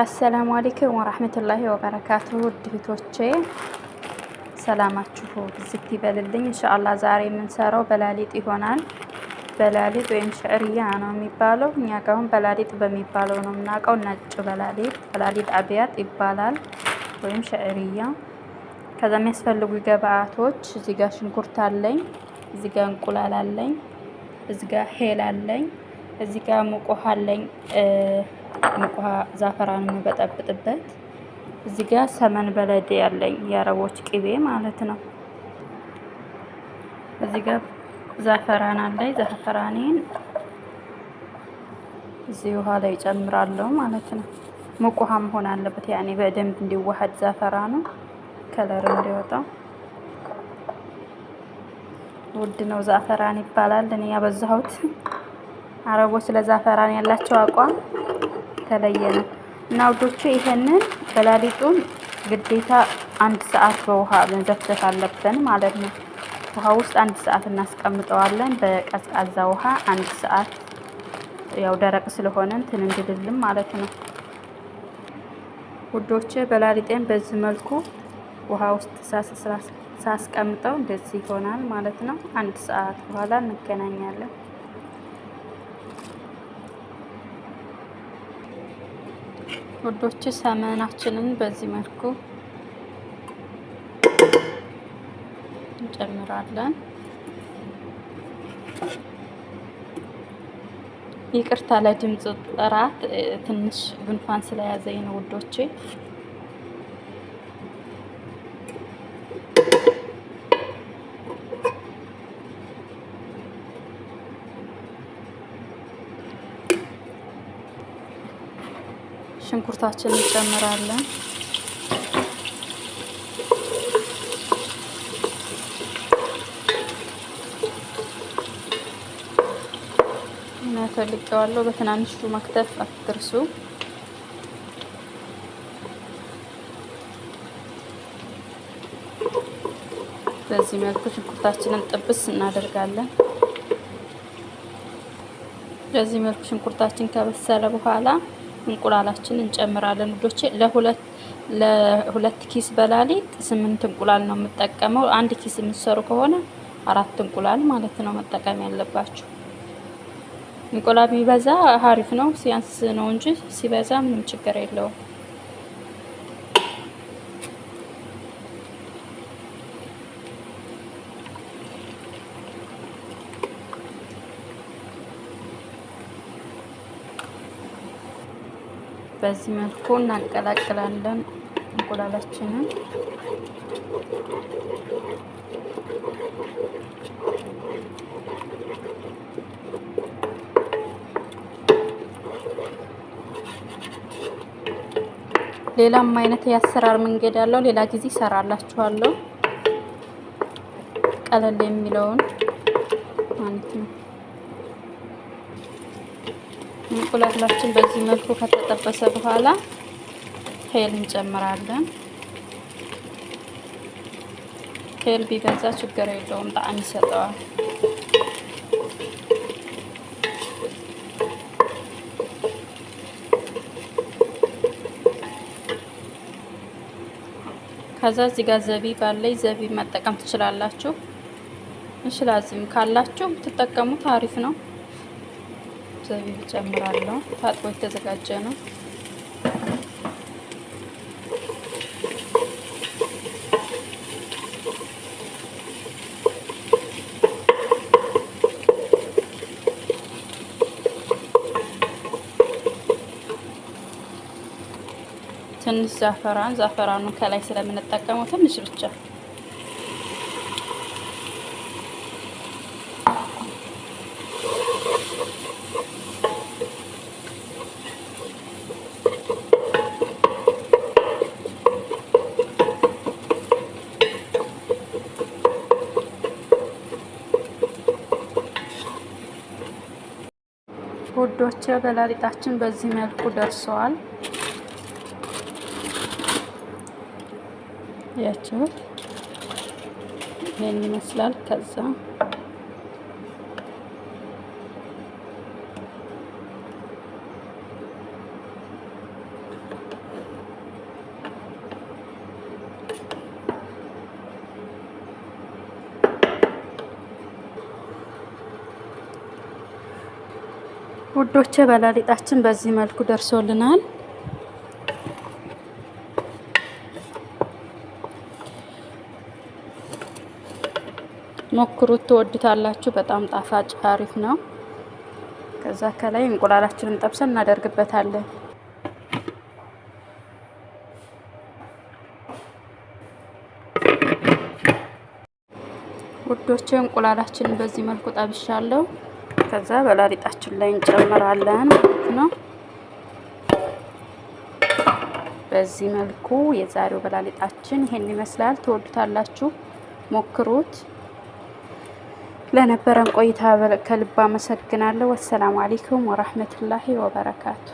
አሰላሙ አሌይኩም ወራህመቱላሂ ወበረካቱ ድህቶቼ ሰላማችሁ ብዝት ይበልልኝ። እንሻአላ ዛሬ የምንሰራው በላሊጥ ይሆናል። በላሊጥ ወይም ሽዕርያ ነው የሚባለው። እኛ ጋውን በላሊጥ በሚባለው ነው የምናውቀው። ነጭ በላሊጥ በላሊጥ አብያጥ ይባላል ወይም ሽዕርያ። ከዛ የሚያስፈልጉ ግብአቶች እዚጋ ሽንኩርት አለኝ፣ እዚጋ እንቁላል አለኝ፣ እዚጋ ሄል አለኝ እዚህ ጋር ሙቅ ውሃ አለኝ። ሙቅ ውሃ ዛፈራን የምበጠብጥበት። እዚህ ጋር ሰመን በለድ ያለኝ የአረቦች ቅቤ ማለት ነው። እዚህ ጋር ዛፈራን አለኝ። ዛፈራኔን እዚህ ውሃ ላይ ጨምራለሁ ማለት ነው። ሙቅ ውሃ መሆን አለበት፣ ያኔ በደንብ እንዲዋሃድ ዛፈራኑ ከለር እንዲወጣው ውድ ነው። ዛፈራን ይባላል። እኔ ያበዛሁት አረቦች ለዛፈራን ያላቸው አቋም የተለየ ነው እና ውዶቹ ይሄንን በላሊጡን ግዴታ አንድ ሰዓት በውሃ መንዘፍዘፍ አለብን ማለት ነው። ውሃ ውስጥ አንድ ሰዓት እናስቀምጠዋለን። በቀዝቃዛ ውሃ አንድ ሰዓት ያው ደረቅ ስለሆነ እንትን እንድልልም ማለት ነው። ውዶች በላሊጤን በዚህ መልኩ ውሃ ውስጥ ሳስቀምጠው እንደዚህ ይሆናል ማለት ነው። አንድ ሰዓት በኋላ እንገናኛለን። ውዶች ሰመናችንን በዚህ መልኩ እንጨምራለን። ይቅርታ ለድምፅ ጥራት ትንሽ ጉንፋን ስለያዘኝ ነው ውዶቼ። ሽንኩርታችን እንጨምራለን። ተልቀዋለሁ በትናንሹ መክተፍ አትርሱ። በዚህ መልኩ ሽንኩርታችንን ጥብስ እናደርጋለን። በዚህ መልኩ ሽንኩርታችን ከበሰለ በኋላ እንቁላላችን እንጨምራለን ውዶቼ። ለሁለት ለሁለት ኪስ በላሊጥ ስምንት እንቁላል ነው የምጠቀመው። አንድ ኪስ የምትሰሩ ከሆነ አራት እንቁላል ማለት ነው መጠቀም ያለባችሁ። እንቁላል ቢበዛ ሀሪፍ ነው፣ ሲያንስ ነው እንጂ ሲበዛ ምንም ችግር የለውም። በዚህ መልኩ እናቀላቅላለን እንቁላላችንን። ሌላም አይነት የአሰራር መንገድ ያለው ሌላ ጊዜ ይሰራላችኋለሁ፣ ቀለል የሚለውን ማለት ነው። እንቁላላችን በዚህ መልኩ ከተጠበሰ በኋላ ሄል እንጨምራለን። ሄል ቢበዛ ችግር የለውም፣ ጣዕም ይሰጠዋል። ከዛ እዚህ ጋር ዘቢ ባለይ ዘቢ መጠቀም ትችላላችሁ። እንሽላዝም ካላችሁ ብትጠቀሙት አሪፍ ነው። ዘቢብ ጨምራለሁ። ታጥቦ የተዘጋጀ ነው። ትንሽ ዛፈራን ዛፈራኑ ከላይ ስለምንጠቀመው ትንሽ ብቻ ውዶች በላሊጣችን በዚህ መልኩ ደርሰዋል። ያችሁት ይህን ይመስላል ከዛ ውዶቼ በላሊጣችን በዚህ መልኩ ደርሶልናል። ሞክሩት፣ ትወዱታላችሁ። በጣም ጣፋጭ አሪፍ ነው። ከዛ ከላይ እንቁላላችንን ጠብሰን እናደርግበታለን። ውዶቼ እንቁላላችንን በዚህ መልኩ ጠብሻለሁ። ከዛ በላሊጣችን ላይ እንጨምራለን ማለት ነው። በዚህ መልኩ የዛሬው በላሊጣችን ይሄን ይመስላል። ትወዱታላችሁ፣ ሞክሩት። ለነበረን ቆይታ ከልብ አመሰግናለሁ። ወሰላሙ አሌይኩም ወራህመቱላሂ ወበረካቱ።